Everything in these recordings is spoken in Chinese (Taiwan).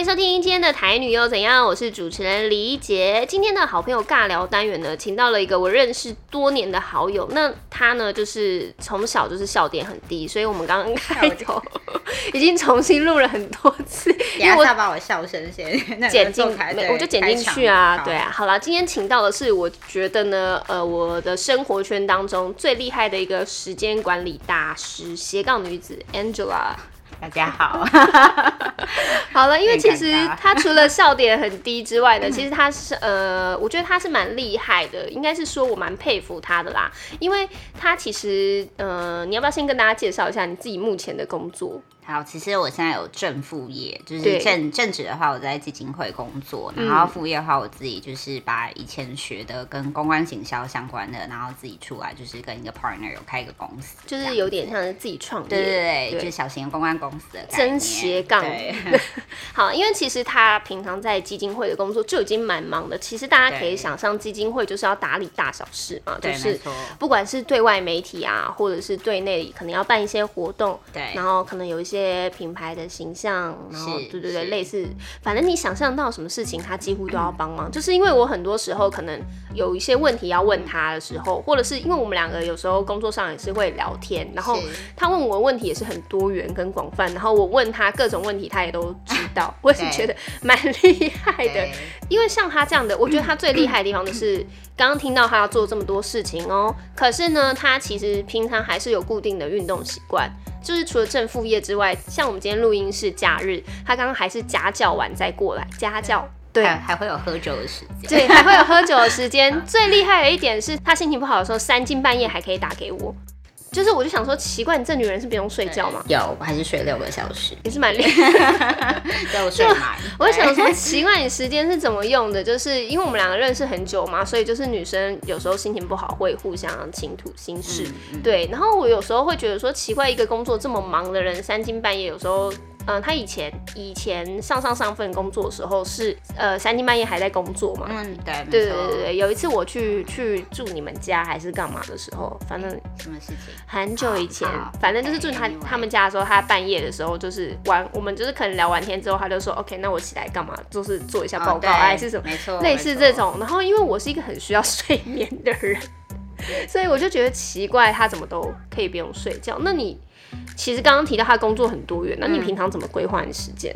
歡迎收聽今天的台女又怎樣？我是主持人李一杰。今天的好朋友尬聊單元呢，請到了一個我認識多年的好友。那他呢，就是從小就是笑點很低，所以我們剛剛開頭 已經重新錄了很多次，因為一下他把我笑聲先剪進去，台我就剪進去啊。對啊，好啦，今天請到的是我覺得呢，呃，我的生活圈當中最厲害的一個時間管理大師——斜槓女子 Angela。大家好， 好了，因為其實他除了笑點很低之外呢， 其實他是呃，我覺得他是蠻厲害的，應該是說我蠻佩服他的啦。因為他其實呃，你要不要先跟大家介紹一下你自己目前的工作？然後其實我現在有正副業，就是正正職的話我在基金會工作，然後副業的話我自己就是把以前學的跟公關行銷相關的，然後自己出來就是跟一個 partner 有開一個公司，就是有點像是自己創業，對對對，對就小型公關公司的感覺。真斜槓。對 好，因為其實他平常在基金會的工作就已經蠻忙的。其實大家可以想象基金會就是要打理大小事嘛，對就是不管是對外媒體啊，或者是對內可能要辦一些活動，對，然後可能有一些。些品牌的形象，然後對對對，類似，反正你想象到什麼事情，他幾乎都要幫忙。嗯、就是因為我很多時候可能有一些問題要問他的時候，或者是因為我們兩個有時候工作上也是會聊天，然後他問我問題也是很多元跟廣泛，然後我問他各種問題，他也都知道，啊、我是覺得蠻厲害的。對因為像他這樣的，我覺得他最厲害的地方就是。剛剛聽到他要做這麼多事情哦，可是呢，他其實平常還是有固定的運動習慣，就是除了正副業之外，像我們今天錄音室假日，他剛剛還是家教完再過來家教，對，還會有喝酒的時間，對，還會有喝酒的時間。最厲害的一點是，他心情不好的時候，三更半夜還可以打給我。就是，我就想說，奇怪，你這女人是不用睡覺嗎？有，我還是睡六個小時。你是蠻厲害的，在 我睡蠻。 我想說，奇怪，你時間是怎麼用的？就是因為我們兩個認識很久嘛，所以就是女生有時候心情不好會互相傾吐心事。是對，然後我有時候會覺得說，奇怪，一個工作這麼忙的人，三更半夜有時候。嗯，他以前以前上上上份工作的時候是呃三更半夜還在工作嘛？嗯，對。對對對，有一次我去去住你們家還是幹嘛的時候，反正什麼事情？很久以前，反正就是住他他們家的時候，他半夜的時候就是玩。我們就是可能聊完天之後，他就說 OK，那我起來幹嘛？就是做一下報告還是什麼？沒錯，類似這種。然後因為我是一個很需要睡眠的人，所以我就覺得奇怪，他怎麼都可以不用睡覺？那你？其實剛剛提到他工作很多元，嗯，那你平常怎麼規劃你時間？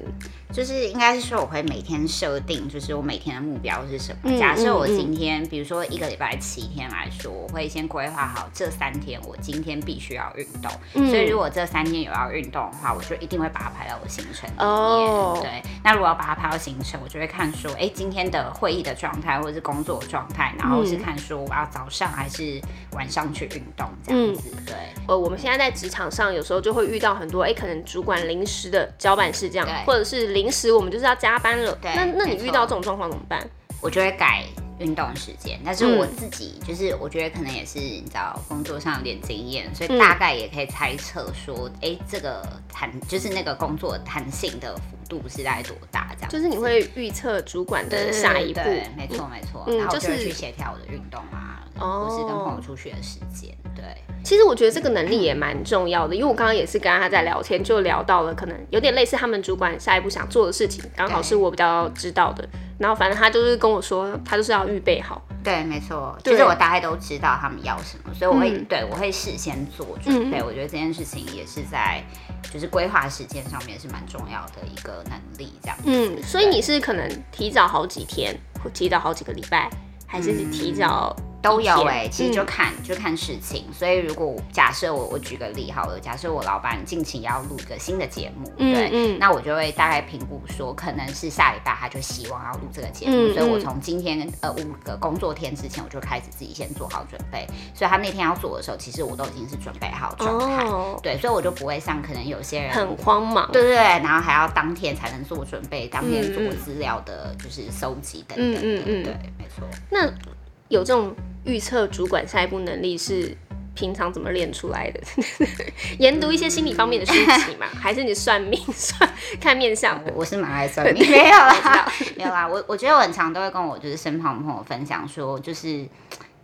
就是應該是說，我會每天設定，就是我每天的目標是什麼。假設我今天，比如說一個禮拜七天來說，我會先規劃好這三天，我今天必須要運動。所以如果這三天有要運動的話，我就一定會把它排到我行程裡面。哦、對，那如果要把它排到行程，我就會看說，哎，今天的會議的狀態或者是工作的狀態，然後是看說我、啊、要早上還是晚上去運動這樣子。嗯、對，呃，我們現在在職場上有時候就會遇到很多，哎，可能主管臨時的交辦是這樣，或者是臨。平時我們就是要加班了，對那那你遇到這種狀況怎麼辦？我就會改運動時間，但是我自己就是我覺得可能也是你知道工作上有點經驗，所以大概也可以猜測說，哎、嗯欸，這個彈就是那個工作彈性的。度是在多大這樣？就是你會預測主管的下一步？沒錯，沒錯。嗯、然後就是去協調我的運動啊，嗯就是、或是跟朋友出去的時間。對，其實我覺得這個能力也蠻重要的，因為我剛剛也是跟他在聊天，就聊到了可能有點類似他們主管下一步想做的事情，剛對好是我比較知道的。然後反正他就是跟我說，他就是要預備好。對，沒錯，就是我大概都知道他們要什麼，對所以我會、嗯、對我會事先做準備。嗯、我覺得這件事情也是在就是規劃時間上面是蠻重要的一個能力，這樣。嗯，對所以你是可能提早好幾天，或提早好幾個禮拜，還是提早？嗯都有哎、欸，其實就看、嗯、就看事情，所以如果假設我我舉個例好了，假設我老闆近期要錄一個新的節目，嗯嗯對，那我就會大概評估說，可能是下禮拜他就希望要錄這個節目，嗯嗯所以我從今天呃五個工作天之前我就開始自己先做好準備，所以他那天要做的時候，其實我都已經是準備好狀態，哦、對，所以我就不會像可能有些人很慌忙，對對對，然後還要當天才能做準備，當天做資料的，就是收集等等，嗯嗯嗯對，沒錯。那有這種預測主管下一步能力，是平常怎麼練出來的、嗯？ 研讀一些心理方面的書籍嘛？嗯、還是你算命 算看面相、啊？我我是蠻愛算命，對沒有啦，沒有啦。我我覺得我很常都會跟我就是身旁的朋友分享說，就是。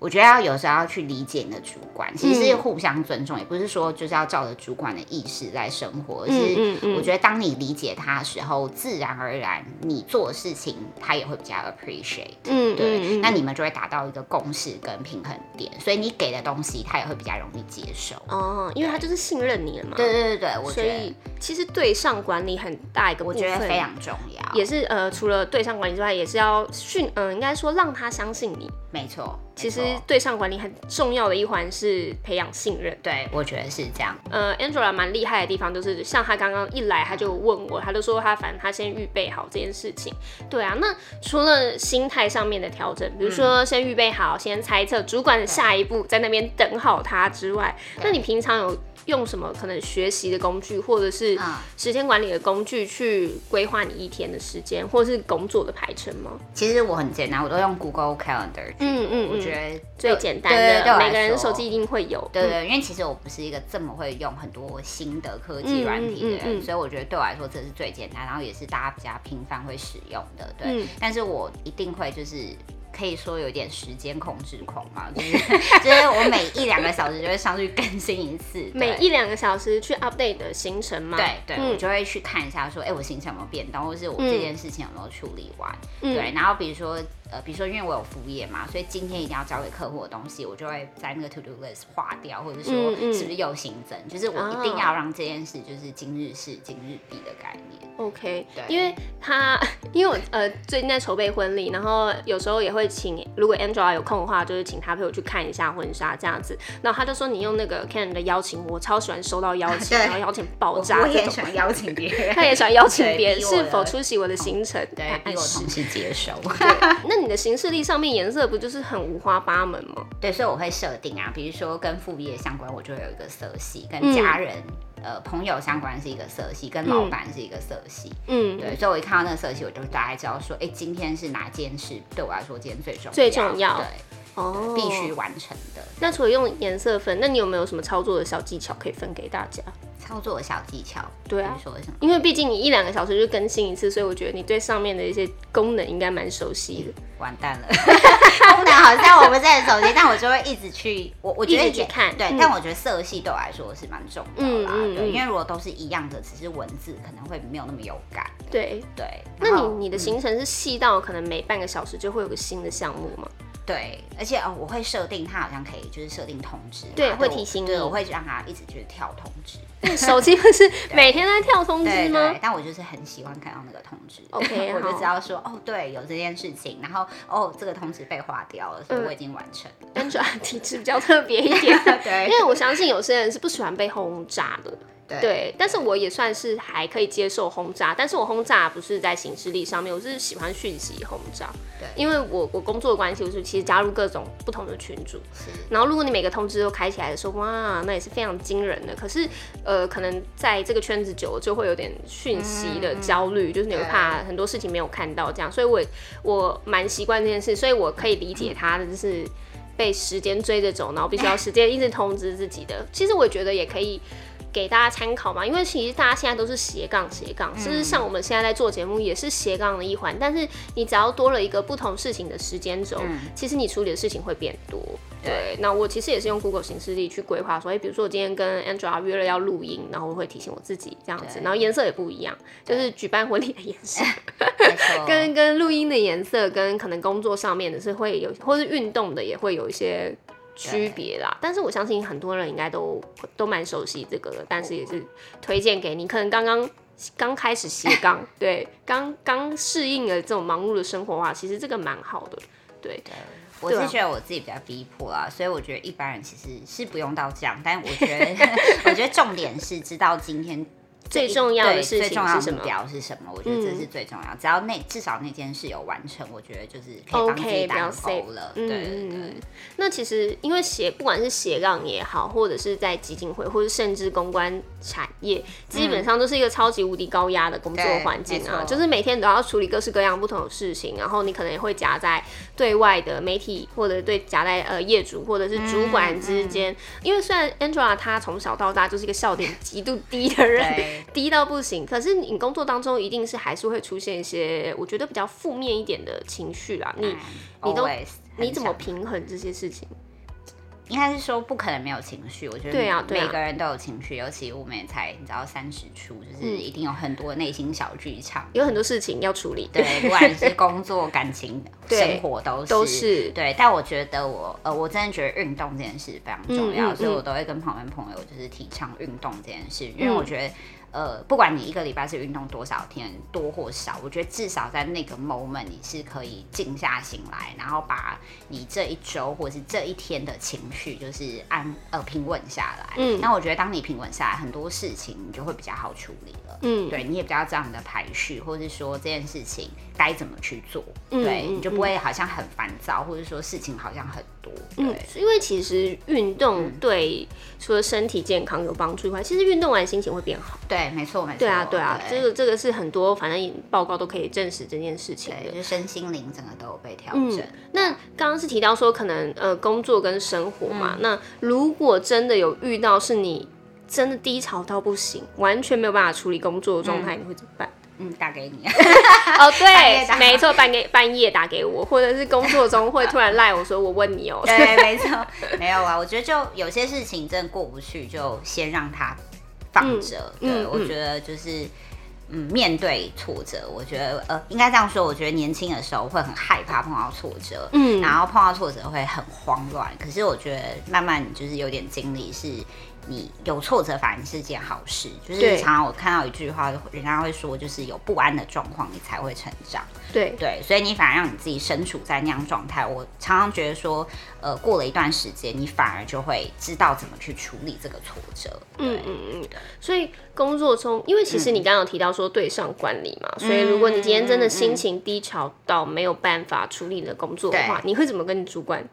我覺得有時候要去理解你的主管，其實互相尊重也不是說就是要照着主管的意思來生活，而是我覺得當你理解他的時候，自然而然你做的事情他也會比較 appreciate，嗯，對、嗯，嗯、那你們就會達到一個共識跟平衡點，嗯嗯、所以你給的東西他也會比較容易接受，哦，對因為他就是信任你了嘛，對,對對對，我覺得其實對上管理很大一個，我覺得非常重要，也是呃，除了對上管理之外，也是要訓，嗯、呃，應該說讓他相信你。沒錯，其實對上管理很重要的一環是培養信任，對，我覺得是這樣。呃，Angela 蠻厲害的地方就是，像他剛剛一來，他就問我，嗯、他就說他反正他先預備好這件事情。對啊，那除了心態上面的調整，比如說先預備好，嗯、先猜測主管下一步，在那邊等好他之外，對那你平常有？用什麼可能學習的工具，或者是時間管理的工具，去規劃你一天的時間，或者是工作的排程嗎？其實我很簡單，我都用 Google Calendar 嗯。嗯嗯，我覺得最簡單的，對對對對每個人手機一定會有。對,對,對因為其實我不是一個這麼會用很多新的科技軟體的人，嗯、所以我覺得對我來說這是最簡單，然後也是大家比較頻繁會使用的。對，嗯、但是我一定會就是。可以說有點時間控制狂嘛，就是就是我每一兩個小時就會上去更新一次，每一兩個小時去 update 的行程嘛。對對，嗯、我就會去看一下說，說、欸、哎，我行程有沒有變動，或是我這件事情有沒有處理完。嗯、對，然後比如說。呃，比如說，因為我有副業嘛，所以今天一定要交給客戶的東西，我就會在那個 to do list 劃掉，或者說是不是又新增？嗯、就是我一定要讓這件事就是今日事今日畢的概念。OK，對，因，因為他因為我呃最近在籌備婚禮，然後有時候也會請，如果 Angela 有空的話，就是請他陪我去看一下婚紗這樣子。然後他就說，你用那個 Can 的邀請，我超喜歡收到邀請，然後邀請爆炸， 對種我也喜歡邀請別人，他也喜歡邀請別人是否出席我的，同我的行程，對，替我同時接受 對。那。你的行事曆上面顏色不就是很五花八門嗎？對，所以我會設定啊，比如說跟副業相關，我就會有一個色系；跟家人、嗯呃、朋友相關是一個色系；跟老闆是一個色系。嗯，對，所以我一看到那個色系，我就大概知道說，哎、欸，今天是哪件事？對我來說，今天最重要、最重要、對哦，對必須完成的。那除了用顏色分，那你有沒有什麼操作的小技巧可以分給大家？操作的小技巧，對。說因為畢竟你一兩個小時就更新一次，所以我覺得你對上面的一些功能應該蠻熟悉的，嗯。完蛋了， 功能好像我不太熟悉， 但我就會一直去，我我覺得一直看，對，嗯，但我覺得色系對我來說是蠻重要的，嗯嗯嗯，對，因為如果都是一樣的，只是文字，可能會沒有那麼有感。對對，對，那你你的行程是細到，嗯，可能每半個小時就會有個新的項目嗎？對，而且哦，我會設定它好像可以，就是設定通知，對，會，會提醒你。對，我會讓它一直就是跳通知。手機不是每天都在跳通知嗎？對，對，對但我就是很喜歡看到那個通知，OK，我就知道說好哦，對，有這件事情，然後哦，這個通知被劃掉了，嗯、所以我已經完成。覺得體質比較特別一點， 對，因為我相信有些人是不喜歡被轟炸的。對，但是我也算是還可以接受轟炸，但是我轟炸不是在行事曆上面，我是喜歡訊息轟炸。對，因為我我工作的關係，我是其實加入各種不同的群組，是然後如果你每個通知都開起來的時候，哇，那也是非常驚人的。可是，呃，可能在這個圈子久了，就會有點訊息的焦慮，嗯嗯、就是你會怕很多事情沒有看到這樣。所以我我蠻習慣這件事，所以我可以理解他的，就是被時間追着走，然後必須要時間一直通知自己的。其實我也覺得也可以。給大家參考嘛，因為其實大家現在都是斜槓斜槓，其實、嗯、像我們現在在做節目也是斜槓的一環。但是你只要多了一個不同事情的時間軸，嗯、其實你處理的事情會變多。對，那對我其實也是用 Google 行事曆去規劃說，欸，比如說我今天跟 Angela 約了要錄音，然後我會提醒我自己這樣子。對然後顏色也不一樣，對就是舉辦婚禮的顏色，對 跟跟錄音的顏色，跟可能工作上面的是會有，或是運動的也會有一些。區別對啦，但是我相信很多人應該都都蠻熟悉這個的，但是也是推薦給你。可能剛剛剛開始斜槓， 對，剛剛適應了這種忙碌的生活的話，其實這個蠻好的。對，對，對，我是覺得我自己比較逼迫啦，所以我覺得一般人其實是不用到這樣。但我覺得， 我覺得重點是知道今天。最重要的事情是什麼？最重要目標是什麼？嗯、我覺得這是最重要。只要那至少那件事有完成，我覺得就是可以幫自己打勾了。Okay, 嗯、對，嗯、對那其實因為斜不管是斜槓也好，或者是在基金會，或者是甚至公關產業，嗯、基本上都是一個超級無敵高壓的工作環境啊！就是每天都要處理各式各樣不同的事情，然後你可能也會夾在對外的媒體或者對夾在呃業主或者是主管之間。嗯嗯、因為雖然 Angela 她從小到大就是一個笑點極度低的人。 低到不行，可是你工作當中一定是還是會出現一些我覺得比較負面一點的情緒啦。你你都 Always. 你怎麼平衡這些事情？應該是說不可能沒有情緒，我覺得每、對啊、對啊、每個人都有情緒，尤其我們也才你知道三十出，就是一定有很多內心小劇場，有很多事情要處理，對，不管是工作、 感情、生活都是都是對。但我覺得我呃，我真的覺得運動這件事非常重要，嗯、所以我都會跟旁邊朋友就是提倡運動這件事，嗯、因為我覺得呃，不管你一個禮拜是運動多少天多或少，我覺得至少在那個 moment 你是可以靜下心來，然後把你這一周或是這一天的情緒。就是安呃平穩下來，嗯，那我覺得當你平穩下來，很多事情你就會比較好處理了，嗯，對，你也比較知道你的排序，或是說這件事情，該怎麼去做？嗯、對，你就不會好像很煩躁，嗯、或者說事情好像很多。對，因為其實運動對除了身體健康有幫助以外，嗯、其實運動完心情會變好。對，沒錯，沒錯，對啊，對啊，這個這個是很多反正報告都可以證實這件事情。對，就是身心靈整個都有被調整。嗯、那剛剛是提到說，可能呃工作跟生活嘛，嗯、那如果真的有遇到是你真的低潮到不行，完全沒有辦法處理工作的狀態，嗯、你會怎麼辦？嗯，打給你。 哦，對，沒錯，半夜半夜打給我，或者是工作中會突然賴我說，我問你哦、喔。 對，沒錯，沒有啊。我覺得就有些事情真的過不去，就先讓它放着。嗯、對，嗯、我覺得就是，嗯，面對挫折，我覺得呃，應該這樣說，我覺得年輕的時候會很害怕碰到挫折，嗯，然後碰到挫折會很慌亂。可是我覺得慢慢就是有點經歷是。你有挫折，反而是件好事。就是常常我看到一句話，對人家會說，就是有不安的狀況，你才會成長。對對，所以你反而讓你自己身處在那樣狀態。我常常覺得說，呃，過了一段時間，你反而就會知道怎麼去處理這個挫折。嗯嗯嗯。所以工作中，因為其實你剛剛有提到說對上管理嘛，嗯、所以如果你今天真的心情低潮到沒有辦法處理你的工作的話，對你會怎麼跟你主管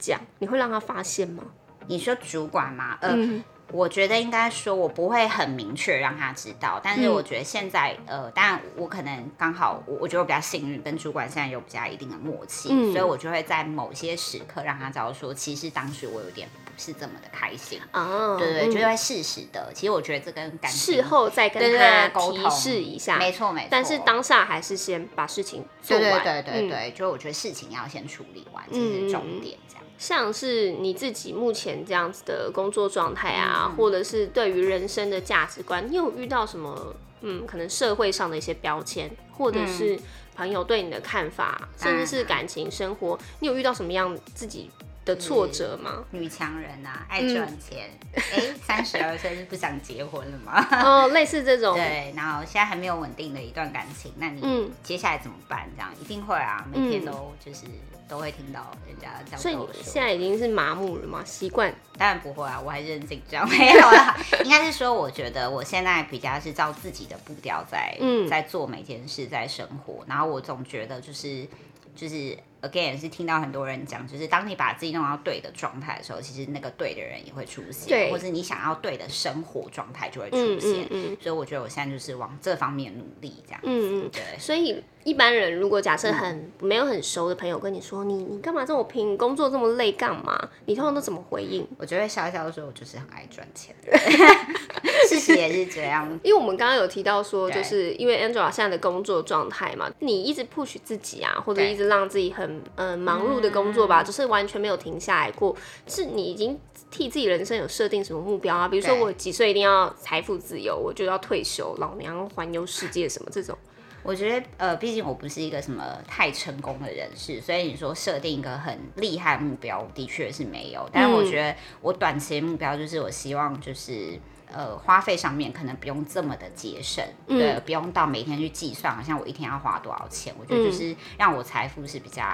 講？你會讓他發現嗎？你說主管嘛，呃、嗯。我覺得應該說，我不會很明確讓他知道。但是我覺得現在，呃，當然我可能剛好，我，我覺得我比較幸運，跟主管現在有比較一定的默契，嗯、所以我就會在某些時刻讓他知道說，說其實當時我有點不是這麼的開心啊。哦、對，對，就會適時的。嗯、其實我覺得這跟感覺事後再跟他溝通他一下，沒錯沒錯。但是當下還是先把事情做完。對，對對對對對，嗯、就是我覺得事情要先處理完，這是重點這樣。嗯像是你自己目前這樣子的工作狀態啊，嗯、或者是對於人生的價值觀，你有遇到什麼？嗯，可能社會上的一些標籤，或者是朋友對你的看法，嗯、甚至是感情生活，你有遇到什麼樣自己的挫折嗎？嗯、女強人啊，愛賺錢，哎、嗯，三十二歲是不想結婚了嗎？哦，類似這種。對，然後現在還沒有穩定的一段感情，那你接下來怎麼辦？這樣一定會啊，每天都就是。都會聽到人家這樣，所以現在已經是麻木了嗎？習慣，當然不會啊，我還是很緊張 沒有、啊。應該是說，我覺得我現在比較是照自己的步調在、嗯、在做每件事，在生活。然後我總覺得就是就是。Again 是聽到很多人講，就是當你把自己弄到對的狀態的時候，其實那個對的人也會出現，對，或者你想要對的生活狀態就會出現。嗯，嗯，嗯，所以我覺得我現在就是往這方面努力，這樣子嗯。嗯嗯，對。所以一般人如果假設很沒有很熟的朋友跟你說、嗯、你你幹嘛這麼拼，你工作這麼累幹嘛？你通常都怎麼回應？我就會笑一笑的時候，我就是很愛賺錢。 事實也是這樣。因為我們剛剛有提到說，就是因為 Angela 現在的工作狀態嘛，對你一直 push 自己啊，或者一直讓自己很。嗯，嗯，忙碌的工作吧，嗯、就是完全沒有停下來過。是你已經替自己人生有設定什麼目標啊？比如說，我幾歲一定要財富自由，對我就要退休，老娘環遊世界什麼這種。我覺得，呃，畢竟我不是一個什麼太成功的人士，所以你說設定一個很厲害目標，的確是沒有。但是我覺得，我短期的目標就是我希望就是。呃，花費上面可能不用這麼的節省，對，嗯、不用到每天去計算，好像我一天要花多少錢，我覺得就是讓我財富是比較。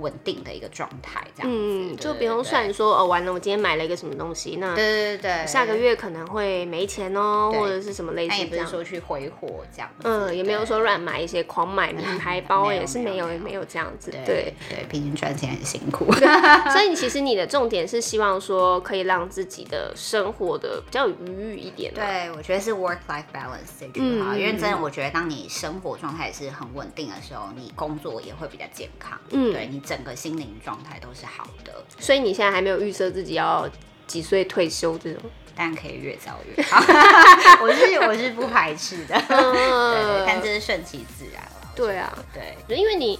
穩定的一個狀態，這樣。嗯，就比如算說哦，完了，我今天買了一個什麼東西，那對對對，下個月可能會沒錢哦，或者是什麼類似這樣。也不是說去揮霍這樣。嗯，也沒有說亂買一些、狂買名牌包也是沒有，也沒有這樣子。對對，畢竟賺錢很辛苦。所以其實你的重點是希望說可以讓自己的生活的比較愉悅一點。對，我覺得是 work life balance 這個，因為真的，我覺得當你生活狀態是很穩定的時候，你工作也會比較健康。嗯，對，你。整個心靈狀態都是好的，所以你現在還沒有預設自己要幾歲退休這種，但可以越早越好。 我是我是不排斥的，但真、嗯、 是順其自然。對啊，對，因為你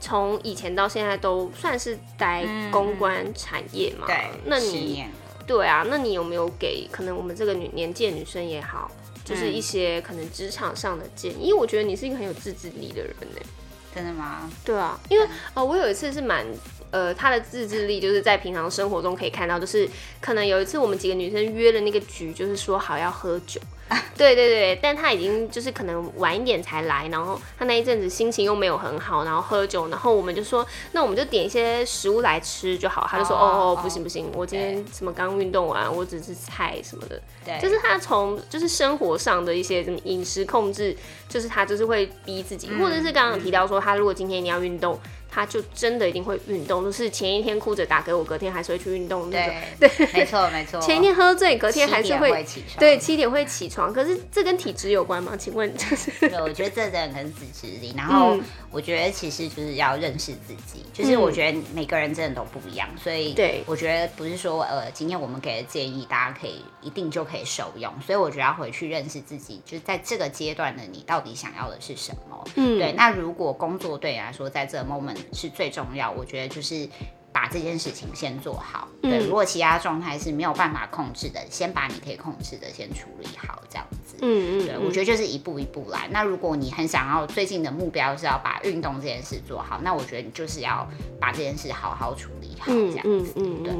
從以前到現在都算是待公關產業嘛，嗯、對那你對啊，那你有沒有給可能我們這個女年紀的女生也好，就是一些可能職場上的建議？嗯、因為我覺得你是一個很有自制力的人呢、欸。真的嗎？對啊，因為啊、嗯哦，我有一次是蠻。呃，他的自制力就是在平常生活中可以看到，就是可能有一次我們幾個女生約了那個局，就是說好要喝酒， 對對對，但他已經就是可能晚一點才來，然後他那一陣子心情又沒有很好，然後喝酒，然後我們就說，那我們就點一些食物來吃就好，他就說，哦哦、oh, oh, oh,，不行不行，okay. 我今天什麼剛運動完，我只吃菜什麼的，對，就是他從就是生活上的一些什麼飲食控制，就是他就是會逼自己，嗯、或者是剛剛提到說他如果今天你要運動。他就真的一定會運動，就是前一天哭着打給我，隔天還是會去運動。那個對，對沒錯沒錯。前一天喝醉，隔天還是會對七點會起床。對，七點會起床嗯、可是這跟體質有關嗎？請問？就是我覺得這的人很自制力。嗯、然後。我覺得其實就是要認識自己，就是我覺得每個人真的都不一樣，嗯、所以對，我覺得不是說呃，今天我們給的建議，大家可以一定就可以受用。所以我覺得要回去認識自己，就是在這個階段的你到底想要的是什麼？嗯，對。那如果工作對你來說在這個 moment 是最重要，我覺得就是。把這件事情先做好，對。嗯、如果其他狀態是沒有辦法控制的，先把你可以控制的先處理好，這樣子。嗯嗯。對、嗯，我覺得就是一步一步來。嗯、那如果你很想要，最近的目標是要把運動這件事做好，那我覺得你就是要把這件事好好處理好，嗯、這樣子。嗯對。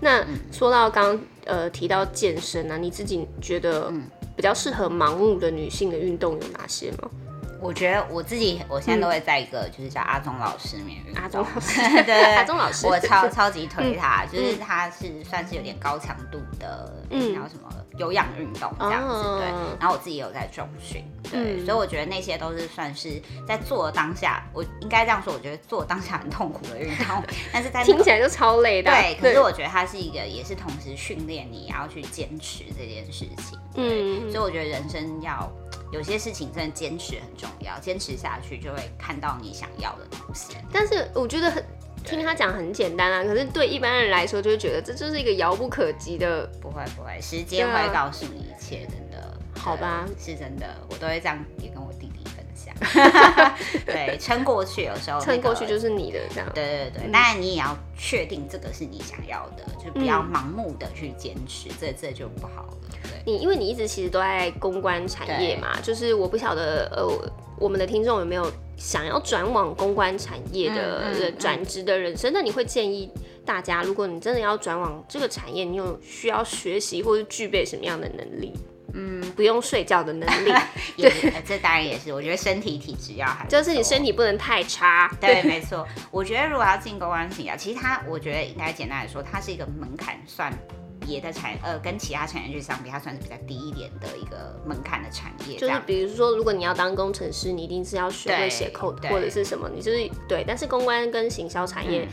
那說到剛呃提到健身呢、啊，你自己覺得比較適合忙碌的女性的運動有哪些呢？我覺得我自己我現在都會在一個，就是叫阿忠老師面，阿忠老師，對阿忠老師，我超超級推他，就是他是算是有點高強度的，嗯，然後什麼有氧運動這樣子，對，然後我自己有在重訓，對，所以我覺得那些都是算是在做當下，我應該這樣說，我覺得做當下很痛苦的運動，但是在聽起來就超累的，對，可是我覺得它是一個，也是同時訓練你要去堅持這件事情，嗯，所以我覺得人生要。有些事情真的堅持很重要，堅持下去就會看到你想要的東西。但是我覺得很對聽他講很簡單啊，可是對一般人來說就會覺得這就是一個遙不可及的。不會不會，時間會告訴你一切，啊、真的。好，好吧，是真的，我都會這樣也跟我弟。 對，撐過去有時候，那個，撐過去就是你的這樣。對對對，當然你也要確定這個是你想要的，嗯、就不要盲目的去堅持，這這就不好了。對，你因為你一直其實都在公關產業嘛，對就是我不曉得呃，我們的聽眾有沒有想要轉往公關產業的轉職，嗯嗯嗯、的人生？那你會建議大家，如果你真的要轉往這個產業，你有需要學習或者具備什麼樣的能力？嗯，不用睡覺的能力 對也，這當然也是。我覺得身體體質要還，就是你身體不能太差。對，沒錯。 我覺得如果要進公關、行銷，其實它，我覺得應該簡單來說，它是一個門檻算別的產業，呃，跟其他產業去相比，它算是比較低一點的一個門檻的產業。就是比如說，如果你要當工程師，你一定是要學會寫 code 對或者是什麼，你就是對。但是公關跟行銷產業，嗯、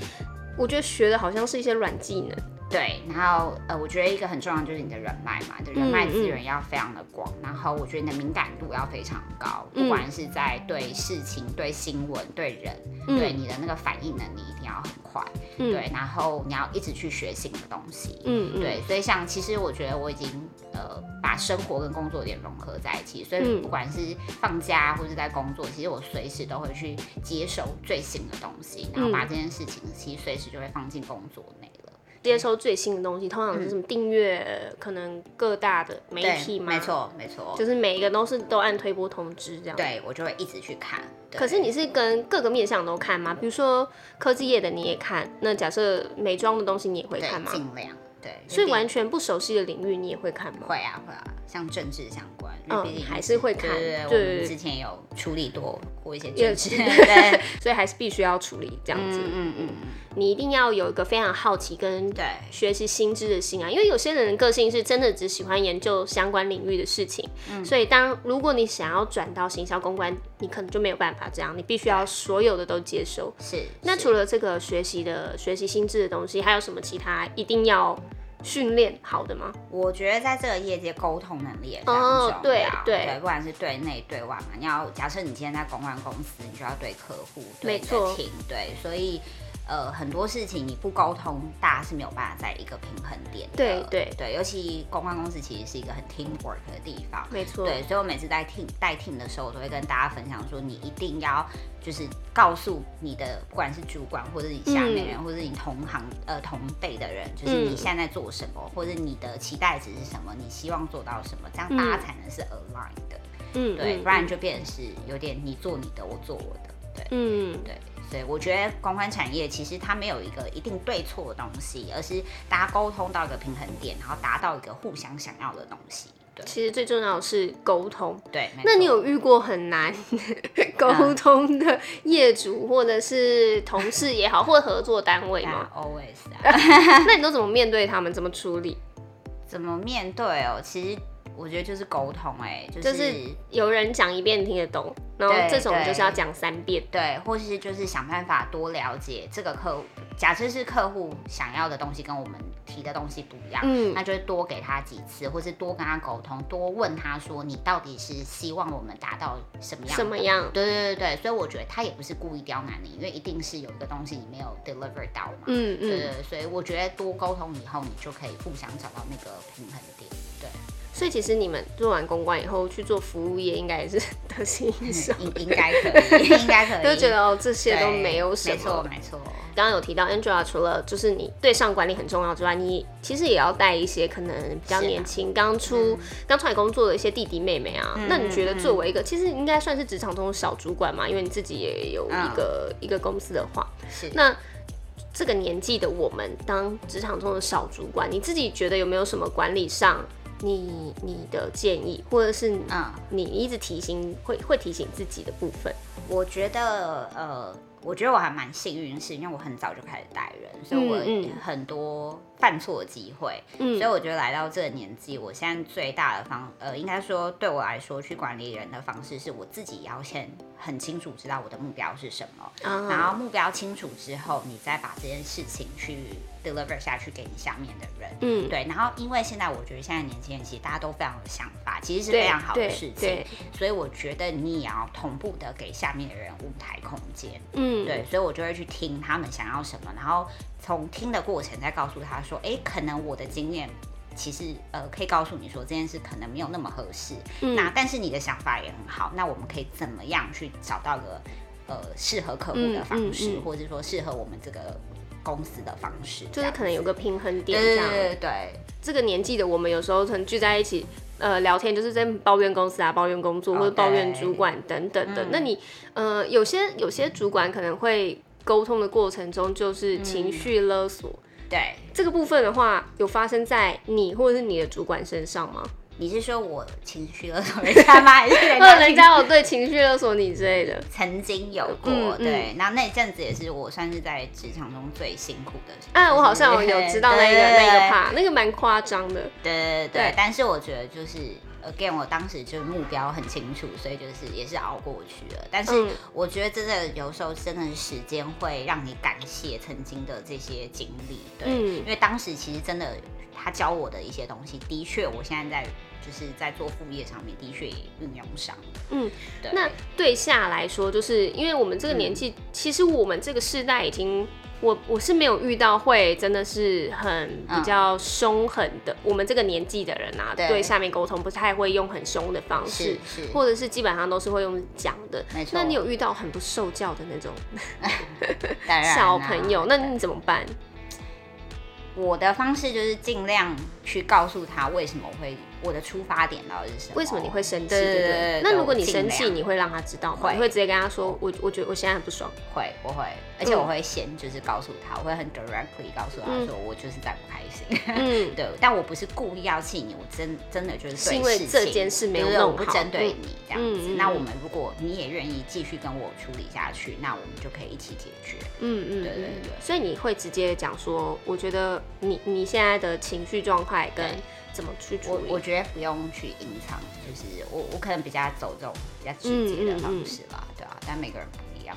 我覺得學的好像是一些軟技能。對，然後呃，我覺得一個很重要的就是你的人脈嘛，你的人脈資源要非常的廣。嗯、然後我覺得你的敏感度要非常高，嗯、不管是在對事情、對新聞、對人，嗯、對你的那個反應能力一定要很快。嗯、對，然後你要一直去學新的東西。嗯，對，所以像其實我覺得我已經呃把生活跟工作一點融合在一起，所以不管是放假或者在工作，其實我隨時都會去接受最新的東西，然後把這件事情其實隨時就會放進工作內。接收最新的東西，通常是什麼訂閱？可能各大的媒體嗎？沒錯，沒錯，就是每一個都是都按推播通知這樣。對，我就會一直去看。可是你是跟各個面向都看嗎？比如說科技業的你也看，那假設美妝的東西你也會看嗎？儘量對，所以完全不熟悉的領域你也會看嗎？會啊會啊，像政治相關，嗯，還是會看。對，我們之前有處理多、過一些政治，對，所以還是必須要處理這樣子。嗯嗯。你一定要有一個非常好奇跟學習新知的心啊，對因為有些人的個性是真的只喜歡研究相關領域的事情。嗯，所以當如果你想要轉到行銷公關，你可能就沒有辦法這樣，你必須要所有的都接收。是對。那除了這個學習的學習新知的東西，還有什麼其他一定要訓練好的嗎？我覺得在這個業界，溝通能力也哦、嗯，對啊，對，對，不管是對內對外嘛，你要假設你今天在公關公司，你就要對客戶，對沒錯錯，對，所以。呃，很多事情你不溝通，大家是沒有辦法在一個平衡點的。對對對，尤其公關公司其實是一個很 team work 的地方。沒錯。對，所以我每次帶 team 帶 team 的時候，我都會跟大家分享說，你一定要就是告訴你的，不管是主管，或者你下面人，嗯、或者你同行呃同輩的人，就是你現在在做什麼，嗯、或者你的期待值是什麼，你希望做到什麼，這樣大家才能是 align 的。嗯，對，不然就變成是有點你做你的，我做我的。對，嗯，對。對，我覺得公關產業其實它沒有一個一定對錯的東西，而是大家溝通到一個平衡點，然後達到一個互相想要的東西。對，其實最重要的是溝通。對，那你有遇過很難沒錯。溝通的業主或者是同事也好， 或者合作單位嗎？Always 啊 那你都怎麼面對他們？怎麼處理？怎麼面對哦？其實。我覺得就是溝通、欸，哎、就是，就是有人講一遍聽得懂，對然後這種就是要講三遍對，對，或是就是想辦法多了解這個客戶。假設是客戶想要的東西跟我們提的東西不一樣，嗯，那就是多給他幾次，或是多跟他溝通，多問他說，你到底是希望我們達到什麼樣？什麼樣？對對對，所以我覺得他也不是故意刁難你，因為一定是有一個東西你沒有 deliver 到嘛，嗯嗯，對對，所以我覺得多溝通以後，你就可以互相找到那個平衡點，對。所以其實你們做完公關以後去做服務業，應該也是得心應手、嗯，應該可以，應該可以， 都覺得、哦、這些都沒有什麼，沒錯沒錯。剛剛有提到 Angela 除了就是你對上管理很重要之外，你其實也要帶一些可能比較年輕、剛、啊、出剛出、嗯、來工作的一些弟弟妹妹啊。嗯、那你覺得作為一個，嗯、其實應該算是職場中的小主管嘛？因為你自己也有一個、嗯、一個公司的話，是那這個年紀的我們當職場中的小主管，你自己覺得有沒有什麼管理上？你你的建議，或者是嗯，你一直提醒會會提醒自己的部分，我覺得呃，我覺得我還蠻幸運，是因為我很早就開始帶人，嗯、所以我很多犯錯的機會，嗯、所以我覺得來到這個年紀，我現在最大的方呃，應該說對我來說，去管理人的方式，是我自己要先很清楚知道我的目標是什麼，哦、然後目標清楚之後，你再把這件事情去。deliver 下去給你下面的人，嗯，對，然後因為現在我覺得現在年輕人其實大家都非常有想法，其實是非常好的事情，所以我覺得你也要同步的給下面的人舞台空間，嗯，對，所以我就會去聽他們想要什麼，然後從聽的過程再告訴他說，哎，可能我的經驗其實呃可以告訴你說這件事可能沒有那麼合適，嗯、那但是你的想法也很好，那我們可以怎麼樣去找到一個呃適合客戶的方式，嗯嗯嗯、或者說適合我們這個。公司的方式，就是可能有個平衡點這樣。對對，這個年紀的我們，有時候可能聚在一起，呃，聊天就是在抱怨公司啊，抱怨工作、oh、或者抱怨主管等等的。對那你，呃，有些有些主管可能會溝通的過程中就是情緒勒索。對，這個部分的話，有發生在你或者是你的主管身上嗎？你是說我情緒勒索人家嗎？還是人家， 或者人家我對情緒勒索你之類的？曾經有過，嗯嗯、對。那那陣子也是我算是在職場中最辛苦的。啊，我好像有有知道那個那個怕那個蠻誇張的。對對對，那個、但是我覺得就是，again 我當時就是目標很清楚，所以就是也是熬過去了。但是我覺得真的有時候真的是時間會讓你感謝曾經的這些經歷，對。嗯、因為當時其實真的。他教我的一些東西，的確，我現在在就是在做副業上面，的確也運用上。嗯，對。那對下來說，就是因為我們這個年紀，嗯、其實我們這個世代已經，我我是沒有遇到會真的是很比較兇狠的，嗯、我們這個年紀的人啊，對，對下面溝通不太會用很兇的方式，或者是基本上都是會用講的。錯那你有遇到很不受教的那種 啊、小朋友，對那你怎麼辦？我的方式就是盡量。去告訴他為什麼會我的出發點到底是什麼？為什麼你會生氣？對對對。那如果你生氣，你會讓他知道嗎？你會直接跟他說：“我我覺得我現在很不爽。”會，我會，而且我會先就是告訴他，我會很 directly 告訴他說：“我就是在不開心。”嗯，對。但我不是故意要氣你，我真真的就是因為這件事沒有不針對你這樣子。那我們如果你也願意繼續跟我處理下去，那我們就可以一起解決。嗯嗯，對對對。所以你會直接講說：“我覺得你你現在的情緒狀況。”跟怎麼去處理？我我覺得不用去隱藏，就是我我可能比較走這種比較直接的方式吧，嗯嗯嗯、對啊，但每個人不一樣。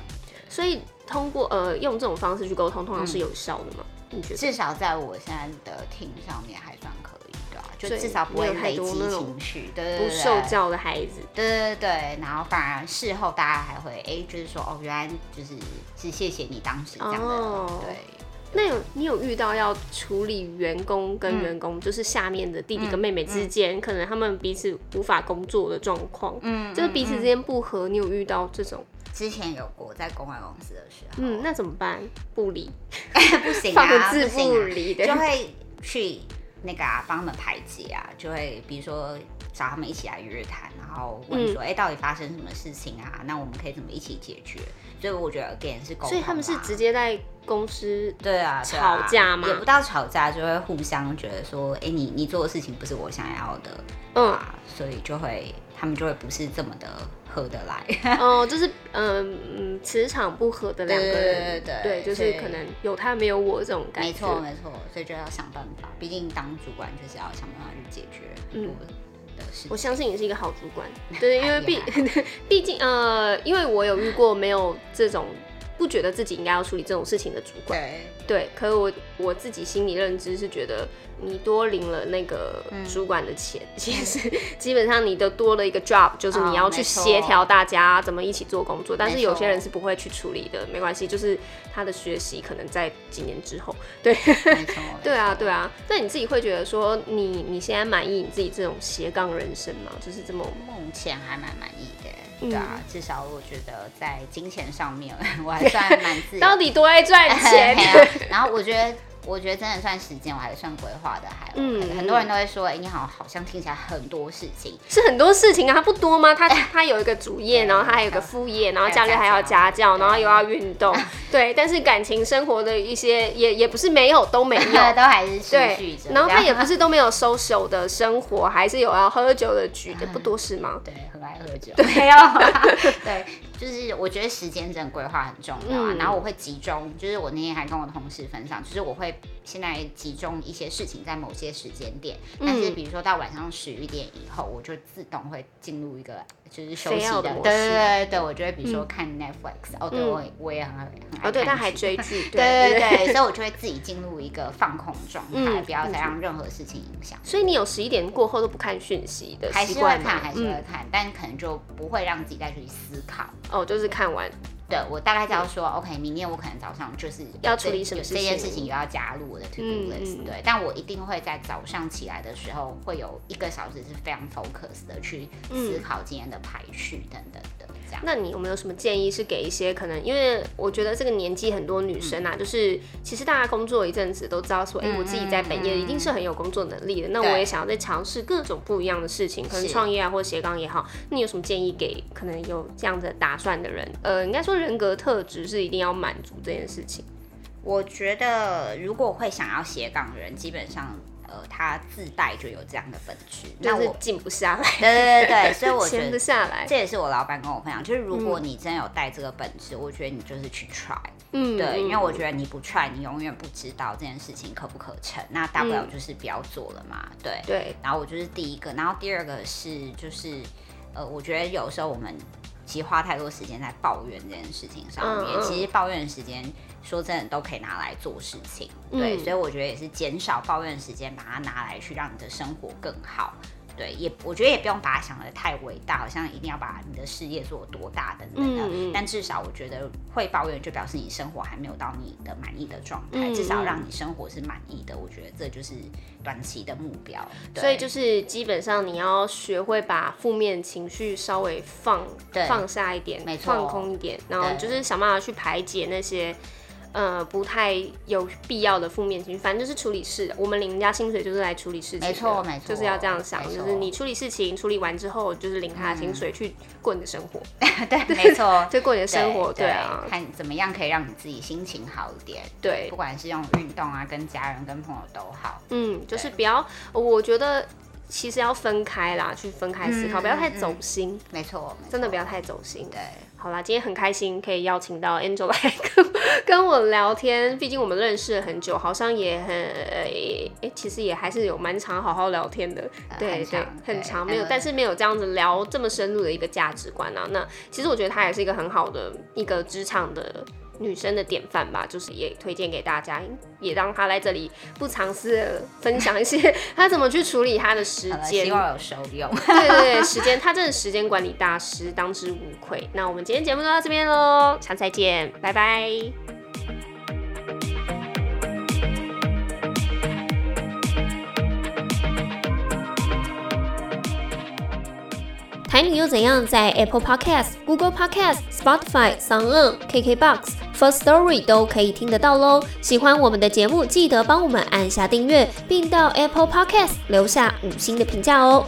所以通過呃用這種方式去溝通，通常是有效的嗎？嗯、你覺得至少在我現在的 team 上面還算可以，對啊，就至少不會累積情緒。對對不受教的孩子，對對對，然後反而事後大家還會哎、欸，就是說哦，原來就是是謝謝你當時這樣的，哦、對。那有你有遇到，要處理員工跟員工，嗯、就是下面的弟弟跟妹妹之間，嗯嗯、可能他們彼此無法工作的狀況，嗯，就是彼此之間不合，嗯、你有遇到這種？之前有過在公關公司的時候，嗯，那怎麼辦？不理， 不行、啊， 放著不理的不、啊，就會去那個幫、啊、他們排解啊，就會比如說找他們一起來約談，然後問說，哎、嗯欸，到底發生什麼事情啊？那我們可以怎麼一起解決？所以我覺得，again 是公、啊，所以他們是直接在公司對啊，吵架嘛，也不到吵架，就會互相覺得說，哎、欸，你你做的事情不是我想要的，嗯、啊，所以就會他們就會不是這麼的合得來。哦，就是嗯嗯、呃、磁場不合的兩個人，對對，對，對，對就是可能有他沒有我這種感覺。沒錯沒錯，所以就要想辦法，畢竟當主管就是要想辦法去解決很多的事、嗯。我相信你是一個好主管，對，因為畢、哎啊、 畢竟呃，因為我有遇過沒有這種。不覺得自己應該要處理這種事情的主管，對,對，可我我自己心理認知是覺得你多領了那個主管的錢，嗯、其實基本上你的多了一個 job，、嗯、就是你要去協調大家怎麼一起做工作。沒錯。但是有些人是不會去處理的，沒錯，沒關係，就是他的學習可能在幾年之後。對,沒錯， 對啊，對啊，對啊。那你自己會覺得說你，你你現在滿意你自己這種斜槓人生嗎？就是這麼目前還蠻滿意的。對啊，嗯、至少我覺得在金錢上面，我還算蠻自由。 到底多愛賺錢、？ 啊？然後我覺得。我覺得真的算時間，我還算規劃的，還有很多人都會說，哎，你好好像聽起來很多事情是很多事情啊，他不多嗎？他他有一個主業，然後他還有個副業，然後家裡還要家教，然後又要運動，對。但是感情生活的一些也也不是沒有，都沒有，都還是對，然後他也不是都沒有 social 的生活，還是有要喝酒的局的，不多是嗎？對，很愛喝酒，對，沒有。對，就是我覺得時間真的規劃很重要啊。然後我會集中，就是我那天還跟我同事分享，就是我會。現在集中一些事情在某些時間點，但是比如說到晚上十一點以後，我就自動會進入一個就是休息的模式。對，我就會比如說看 Netflix，哦對，我我也很很愛看。哦對，他還追劇。對對對，所以我就會自己進入一個放空狀態，不要再讓任何事情影響。所以你有十一點過後都不看訊息的習慣？還是會看，還是會看，但可能就不會讓自己再去思考。哦，就是看完。對，我大概知道說 OK，明天我可能早上就是要處理什麼事情，這件事情又要加入我的 To Do List，對。但我一定會在早上起來的時候，會有一個小時是非常 focus 的去思考今天的排序等等的這樣。那你有沒有什麼建議是給一些可能？因為我覺得這個年紀很多女生啊，就是其實大家工作一陣子都知道說，哎，我自己在本業一定是很有工作能力的。那我也想要再嘗試各種不一樣的事情，可能創業啊或斜槓也好。你有什麼建議給可能有這樣的打算的人？呃，應該說。人格特質是一定要滿足這件事情。我覺得如果會想要斜槓的人，基本上呃，他自帶就有這樣的本質。就是 那我靜不下來。對對對對， 所以我覺得，靜不下來。這也是我老板跟我分享，就是如果你真有帶這個本質，嗯、我覺得你就是去 try。嗯，對，因為我覺得你不 try，你永遠不知道這件事情可不可成。那大不了就是不要做了嘛。對、嗯、對。然後我就是第一個，然後第二個是就是呃，我覺得有時候我們。其實花太多時間在抱怨這件事情上面，嗯、其實抱怨的時間，說真的都可以拿來做事情。嗯、對，所以我覺得也是減少抱怨的時間，把它拿來去讓你的生活更好。對，也我覺得也不用把它想得太偉大，好像一定要把你的事業做多大的那樣。嗯嗯，但至少我覺得會抱怨，就表示你生活還沒有到你的滿意的狀態，嗯嗯，至少讓你生活是滿意的。我覺得這就是短期的目標。對，所以就是基本上你要學會把負面情緒稍微放對放下一點，沒錯錯，放空一點，然後就是想辦法去排解那些。呃，不太有必要的負面情緒，反正就是處理事。我們領人家薪水就是來處理事情，沒錯沒錯，就是要這樣想，就是你處理事情，處理完之後就是領他薪水去過你的生活，對，沒錯，就過你的生活，對啊，看怎麼樣可以讓你自己心情好一點，對，不管是用運動啊，跟家人跟朋友都好，嗯，就是不要，我覺得其實要分開啦，去分開思考，不要太走心，沒錯，真的不要太走心，對。好啦，今天很開心可以邀請到 Angela 來跟跟我聊天，畢竟我們認識了很久，好像也很誒、欸，其實也還是有蠻常好好聊天的，呃、對，對對，長很長，對沒有，哎、但是沒有這樣子聊這麼深入的一個價值觀啊。對對對對，那其實我覺得他也是一個很好的一個職場的。女生的典範吧，就是也推薦給大家，也讓她在這裡不藏私分享一些她怎麼去處理她的時間和手用，對對對，時間，他真的是時間管理大師，當之無愧。 那我們今天節目就到這邊嘍，下次再見，拜拜。 台女又怎樣？在 Apple Podcast、Google Podcast、Spotify、SoundOn、KKBox。Firstory 都可以聽得到嘍！喜歡我們的節目，記得幫我們按下訂閱，並到 Apple Podcast 留下五星的評價哦！